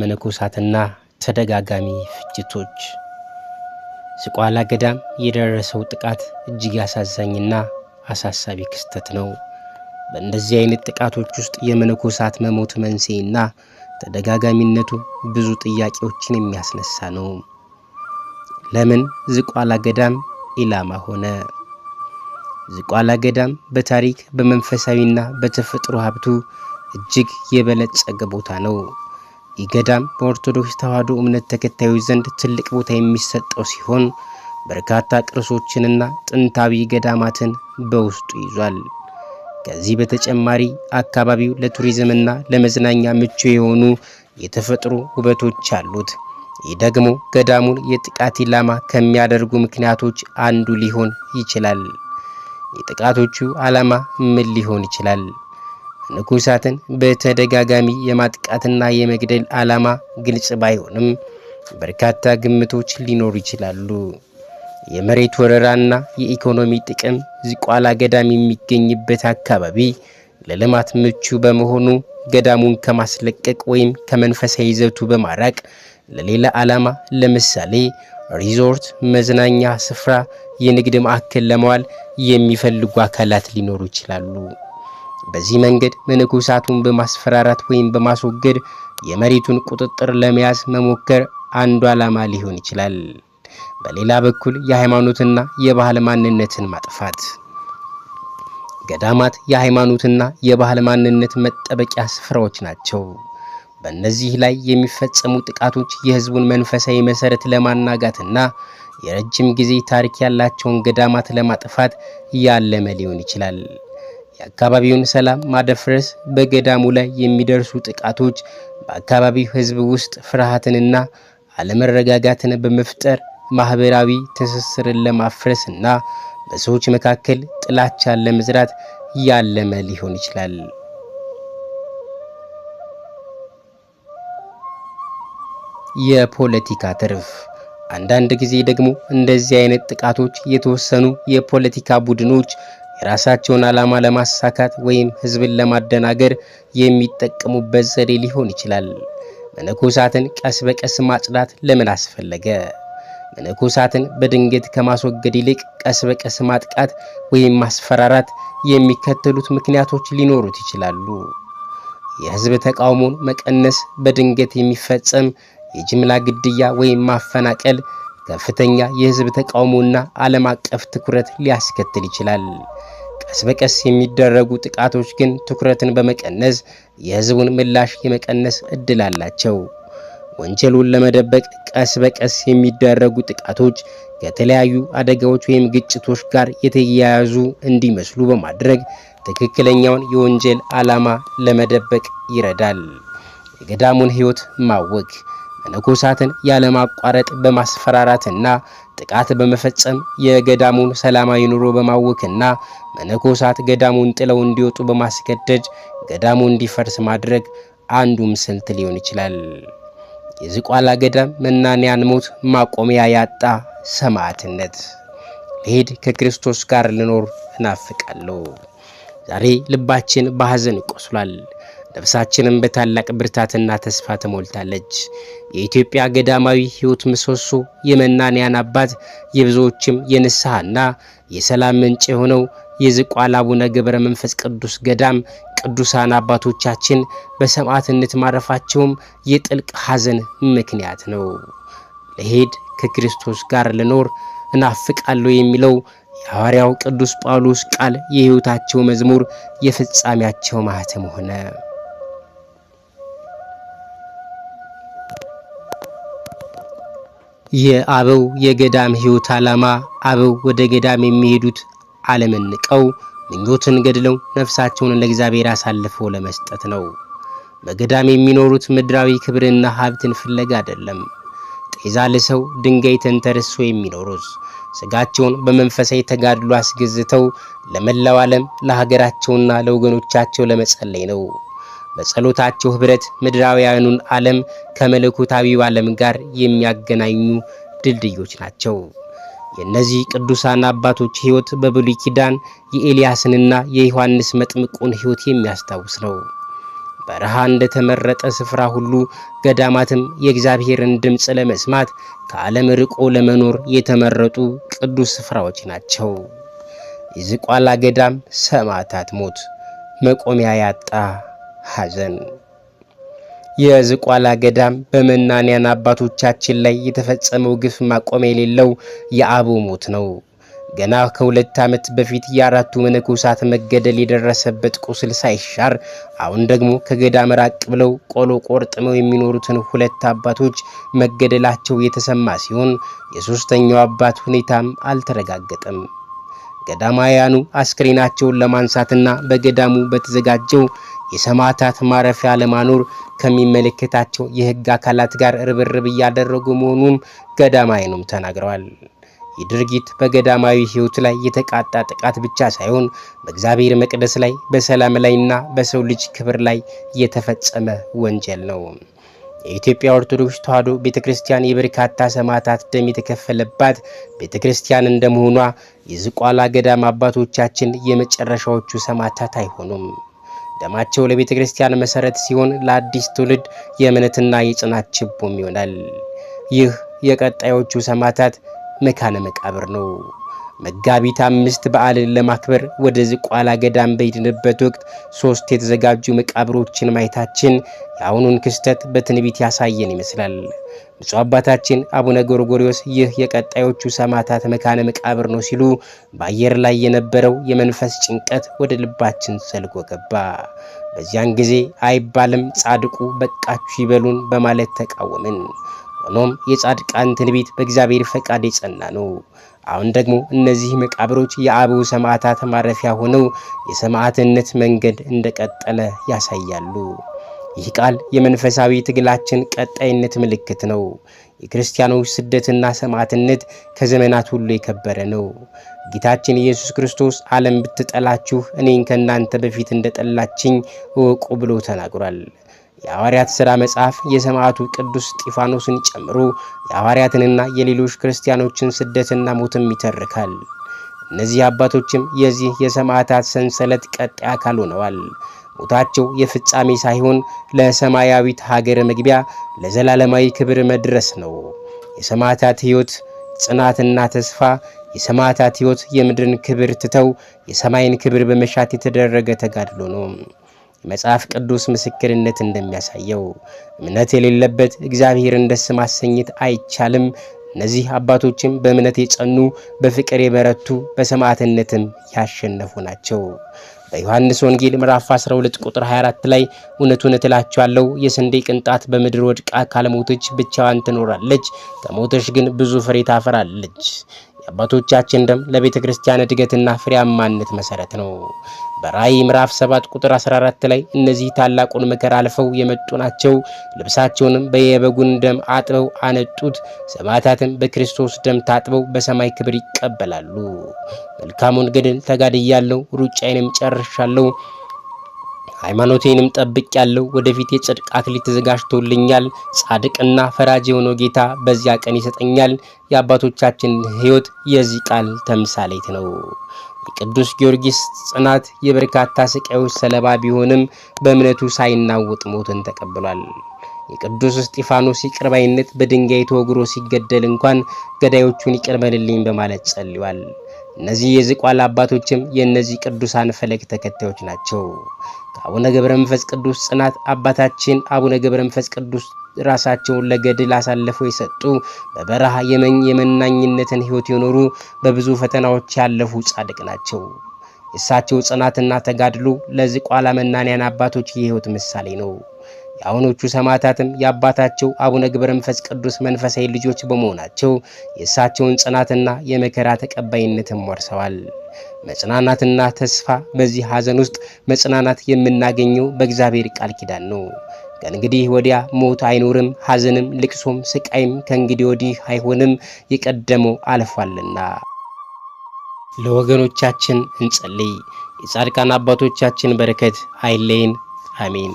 መነኮሳትና ተደጋጋሚ ፍጅቶች ዝቋላ ገዳም የደረሰው ጥቃት እጅግ አሳዛኝና አሳሳቢ ክስተት ነው። በእንደዚህ አይነት ጥቃቶች ውስጥ የመነኮሳት መሞት መንስኤና ተደጋጋሚነቱ ብዙ ጥያቄዎችን የሚያስነሳ ነው። ለምን ዝቋላ ገዳም ኢላማ ሆነ? ዝቋላ ገዳም በታሪክ በመንፈሳዊና በተፈጥሮ ሀብቱ እጅግ የበለጸገ ቦታ ነው። ይገዳም በኦርቶዶክስ ተዋሕዶ እምነት ተከታዮች ዘንድ ትልቅ ቦታ የሚሰጠው ሲሆን በርካታ ቅርሶችንና ጥንታዊ ገዳማትን በውስጡ ይዟል። ከዚህ በተጨማሪ አካባቢው ለቱሪዝምና ለመዝናኛ ምቹ የሆኑ የተፈጥሮ ውበቶች አሉት። ይህ ደግሞ ገዳሙን የጥቃት ኢላማ ከሚያደርጉ ምክንያቶች አንዱ ሊሆን ይችላል። የጥቃቶቹ ዓላማ ምን ሊሆን ይችላል? ንኩሳትን በተደጋጋሚ የማጥቃትና የመግደል ዓላማ ግልጽ ባይሆንም በርካታ ግምቶች ሊኖሩ ይችላሉ። የመሬት ወረራና የኢኮኖሚ ጥቅም ዝቋላ ገዳም የሚገኝበት አካባቢ ለልማት ምቹ በመሆኑ ገዳሙን ከማስለቀቅ ወይም ከመንፈሳዊ ይዘቱ በማራቅ ለሌላ ዓላማ ለምሳሌ ሪዞርት፣ መዝናኛ ስፍራ፣ የንግድ ማዕከል ለመዋል የሚፈልጉ አካላት ሊኖሩ ይችላሉ። በዚህ መንገድ መነኮሳቱን በማስፈራራት ወይም በማስወገድ የመሬቱን ቁጥጥር ለመያዝ መሞከር አንዱ ዓላማ ሊሆን ይችላል። በሌላ በኩል የሃይማኖትና የባህል ማንነትን ማጥፋት ገዳማት የሃይማኖትና የባህል ማንነት መጠበቂያ ስፍራዎች ናቸው። በእነዚህ ላይ የሚፈጸሙ ጥቃቶች የህዝቡን መንፈሳዊ መሰረት ለማናጋትና የረጅም ጊዜ ታሪክ ያላቸውን ገዳማት ለማጥፋት ያለመ ሊሆን ይችላል። የአካባቢውን ሰላም ማደፍረስ፣ በገዳሙ ላይ የሚደርሱ ጥቃቶች በአካባቢው ሕዝብ ውስጥ ፍርሃትንና አለመረጋጋትን በመፍጠር ማህበራዊ ትስስርን ለማፍረስ እና በሰዎች መካከል ጥላቻን ለመዝራት ያለመ ሊሆን ይችላል። የፖለቲካ ትርፍ አንዳንድ ጊዜ ደግሞ እንደዚህ አይነት ጥቃቶች የተወሰኑ የፖለቲካ ቡድኖች የራሳቸውን ዓላማ ለማሳካት ወይም ህዝብን ለማደናገር የሚጠቀሙበት ዘዴ ሊሆን ይችላል። መነኮሳትን ቀስ በቀስ ማጽዳት ለምን አስፈለገ? መነኮሳትን በድንገት ከማስወገድ ይልቅ ቀስ በቀስ ማጥቃት ወይም ማስፈራራት የሚከተሉት ምክንያቶች ሊኖሩት ይችላሉ። የህዝብ ተቃውሞን መቀነስ፣ በድንገት የሚፈጸም የጅምላ ግድያ ወይም ማፈናቀል ከፍተኛ የህዝብ ተቃውሞና ዓለም አቀፍ ትኩረት ሊያስከትል ይችላል። ቀስ በቀስ የሚደረጉ ጥቃቶች ግን ትኩረትን በመቀነስ የህዝቡን ምላሽ የመቀነስ እድል አላቸው። ወንጀሉን ለመደበቅ ቀስ በቀስ የሚደረጉ ጥቃቶች ከተለያዩ አደጋዎች ወይም ግጭቶች ጋር የተያያዙ እንዲመስሉ በማድረግ ትክክለኛውን የወንጀል ዓላማ ለመደበቅ ይረዳል። የገዳሙን ህይወት ማወክ መነኮሳትን ያለማቋረጥ በማስፈራራትና ጥቃት በመፈጸም የገዳሙን ሰላማዊ ኑሮ በማወክና መነኮሳት ገዳሙን ጥለው እንዲወጡ በማስገደድ ገዳሙ እንዲፈርስ ማድረግ አንዱም ስልት ሊሆን ይችላል። የዝቋላ ገዳም መናንያን ሞት ማቆሚያ ያጣ ሰማዕትነት። ልሄድ ከክርስቶስ ጋር ልኖር እናፍቃለሁ። ዛሬ ልባችን በሐዘን ይቆስሏል። ነፍሳችንም በታላቅ ብርታትና ተስፋ ተሞልታለች። የኢትዮጵያ ገዳማዊ ሕይወት ምሰሶ፣ የመናንያን አባት፣ የብዙዎችም የንስሐና የሰላም ምንጭ የሆነው የዝቋላ አቡነ ገብረ መንፈስ ቅዱስ ገዳም ቅዱሳን አባቶቻችን በሰማዕትነት ማረፋቸውም የጥልቅ ሐዘን ምክንያት ነው። ለሄድ ከክርስቶስ ጋር ልኖር እናፍቃለሁ የሚለው የሐዋርያው ቅዱስ ጳውሎስ ቃል የሕይወታቸው መዝሙር የፍጻሜያቸው ማህተም ሆነ። የአበው የገዳም ሕይወት ዓላማ አበው ወደ ገዳም የሚሄዱት ዓለምን ንቀው ምኞትን ገድለው ነፍሳቸውን ለእግዚአብሔር አሳልፈው ለመስጠት ነው። በገዳም የሚኖሩት ምድራዊ ክብርና ሀብትን ፍለጋ አይደለም። ጤዛ ልሰው ድንጋይ ተንተርሶ የሚኖሩት ስጋቸውን በመንፈሳዊ ተጋድሎ አስገዝተው ለመላው ዓለም ለሀገራቸውና ለወገኖቻቸው ለመጸለይ ነው። በጸሎታቸው ህብረት ምድራውያኑን ዓለም ከመለኮታዊው ዓለም ጋር የሚያገናኙ ድልድዮች ናቸው። የእነዚህ ቅዱሳን አባቶች ሕይወት በብሉይ ኪዳን የኤልያስንና የዮሐንስ መጥምቁን ሕይወት የሚያስታውስ ነው። በረሃ እንደተመረጠ ስፍራ ሁሉ ገዳማትም የእግዚአብሔርን ድምፅ ለመስማት ከዓለም ርቆ ለመኖር የተመረጡ ቅዱስ ስፍራዎች ናቸው። የዝቋላ ገዳም ሰማዕታት ሞት መቆሚያ ያጣ ሐዘን የዝቋላ ገዳም በመናንያን አባቶቻችን ላይ የተፈጸመው ግፍ ማቆም የሌለው የአቡ ሞት ነው። ገና ከሁለት ዓመት በፊት የአራቱ መነኮሳት መገደል የደረሰበት ቁስል ሳይሻር አሁን ደግሞ ከገዳም ራቅ ብለው ቆሎ ቆርጥመው የሚኖሩትን ሁለት አባቶች መገደላቸው የተሰማ ሲሆን የሦስተኛው አባት ሁኔታም አልተረጋገጠም። ገዳማውያኑ አስክሬናቸውን ለማንሳትና በገዳሙ በተዘጋጀው የሰማዕታት ማረፊያ ለማኖር ከሚመለከታቸው የህግ አካላት ጋር ርብርብ እያደረጉ መሆኑን ገዳማዊኑም ተናግረዋል። ይህ ድርጊት በገዳማዊ ህይወት ላይ የተቃጣ ጥቃት ብቻ ሳይሆን በእግዚአብሔር መቅደስ ላይ በሰላም ላይና በሰው ልጅ ክብር ላይ የተፈጸመ ወንጀል ነው። የኢትዮጵያ ኦርቶዶክስ ተዋሕዶ ቤተ ክርስቲያን የበርካታ ሰማዕታት ደም የተከፈለባት ቤተ ክርስቲያን እንደመሆኗ የዝቋላ ገዳም አባቶቻችን የመጨረሻዎቹ ሰማዕታት አይሆኑም። ደማቸው ለቤተ ክርስቲያን መሰረት ሲሆን ለአዲስ ትውልድ የእምነትና የጽናት ችቦም ይሆናል። ይህ የቀጣዮቹ ሰማዕታት መካነ መቃብር ነው። መጋቢት አምስት በዓልን ለማክበር ወደ ዝቋላ ገዳም በሄድንበት ወቅት ሶስት የተዘጋጁ መቃብሮችን ማየታችን የአሁኑን ክስተት በትንቢት ያሳየን ይመስላል። ብፁዕ አባታችን አቡነ ጎርጎሪዎስ ይህ የቀጣዮቹ ሰማዕታት መካነ መቃብር ነው ሲሉ በአየር ላይ የነበረው የመንፈስ ጭንቀት ወደ ልባችን ሰልጎ ገባ። በዚያን ጊዜ አይባልም ጻድቁ በቃችሁ ይበሉን በማለት ተቃወምን። ሆኖም የጻድቃን ትንቢት በእግዚአብሔር ፈቃድ የጸና ነው። አሁን ደግሞ እነዚህ መቃብሮች የአበው ሰማዕታት ማረፊያ ሆነው የሰማዕትነት መንገድ እንደቀጠለ ያሳያሉ። ይህ ቃል የመንፈሳዊ ትግላችን ቀጣይነት ምልክት ነው። የክርስቲያኖች ስደትና ሰማዕትነት ከዘመናት ሁሉ የከበረ ነው። ጌታችን ኢየሱስ ክርስቶስ ዓለም ብትጠላችሁ እኔን ከእናንተ በፊት እንደጠላችኝ እወቁ ብሎ ተናግሯል። የሐዋርያት ሥራ መጽሐፍ የሰማዕቱ ቅዱስ እስጢፋኖስን ጨምሮ የሐዋርያትንና የሌሎች ክርስቲያኖችን ስደትና ሞትም ይተርካል። እነዚህ አባቶችም የዚህ የሰማዕታት ሰንሰለት ቀጣይ አካል ሆነዋል። ሞታቸው የፍጻሜ ሳይሆን ለሰማያዊት ሀገር መግቢያ ለዘላለማዊ ክብር መድረስ ነው። የሰማዕታት ሕይወት ጽናትና ተስፋ የሰማዕታት ሕይወት የምድርን ክብር ትተው የሰማይን ክብር በመሻት የተደረገ ተጋድሎ ነው። መጽሐፍ ቅዱስ ምስክርነት እንደሚያሳየው እምነት የሌለበት እግዚአብሔርን ደስ ማሰኘት አይቻልም። እነዚህ አባቶችም በእምነት የጸኑ በፍቅር የበረቱ በሰማዕትነትም ያሸነፉ ናቸው። በዮሐንስ ወንጌል ምዕራፍ 12 ቁጥር 24 ላይ እውነቱን እላችኋለሁ የስንዴ ቅንጣት በምድር ወድቃ ካልሞተች ብቻዋን ትኖራለች፣ ከሞተች ግን ብዙ ፍሬ ታፈራለች። የአባቶቻችን ደም ለቤተ ክርስቲያን እድገትና ፍሬያማነት መሰረት ነው። በራእይ ምዕራፍ 7 ቁጥር 14 ላይ እነዚህ ታላቁን መከር አልፈው የመጡ ናቸው። ልብሳቸውንም በየበጉን ደም አጥበው አነጡት። ሰማዕታትም በክርስቶስ ደም ታጥበው በሰማይ ክብር ይቀበላሉ። መልካሙን ገድል ተጋድያለሁ፣ ሩጫዬንም ጨርሻለሁ ሃይማኖቴንም ጠብቅ ያለው ወደፊት የጽድቅ አክሊል ተዘጋጅቶልኛል። ጻድቅና ፈራጅ የሆነው ጌታ በዚያ ቀን ይሰጠኛል። የአባቶቻችን ሕይወት የዚህ ቃል ተምሳሌት ነው። የቅዱስ ጊዮርጊስ ጽናት የበርካታ ስቃዮች ሰለባ ቢሆንም በእምነቱ ሳይናወጥ ሞትን ተቀብሏል። የቅዱስ እስጢፋኖስ ይቅርባይነት በድንጋይ ተወግሮ ሲገደል እንኳን ገዳዮቹን ይቅርበልልኝ በማለት ጸልዋል። እነዚህ የዝቋላ አባቶችም የእነዚህ ቅዱሳን ፈለግ ተከታዮች ናቸው። አቡነ ገብረ መንፈስ ቅዱስ ጽናት አባታችን አቡነ ገብረ መንፈስ ቅዱስ ራሳቸውን ለገድል አሳልፈው የሰጡ በበረሃ የመኝ የመናኝነትን ህይወት የኖሩ በብዙ ፈተናዎች ያለፉ ጻድቅ ናቸው። የእሳቸው ጽናትና ተጋድሎ ለዝቋላ መናንያን አባቶች የህይወት ምሳሌ ነው። የአሁኖቹ ሰማዕታትም የአባታቸው አቡነ ግብረ መንፈስ ቅዱስ መንፈሳዊ ልጆች በመሆናቸው የእሳቸውን ጽናትና የመከራ ተቀባይነትም ወርሰዋል። መጽናናትና ተስፋ በዚህ ሐዘን ውስጥ መጽናናት የምናገኘው በእግዚአብሔር ቃል ኪዳን ነው። ከእንግዲህ ወዲያ ሞት አይኖርም፣ ሐዘንም ልቅሶም ስቃይም ከእንግዲህ ወዲህ አይሆንም፣ የቀደመው አልፏልና። ለወገኖቻችን እንጸልይ። የጻድቃን አባቶቻችን በረከት አይለይን። አሜን።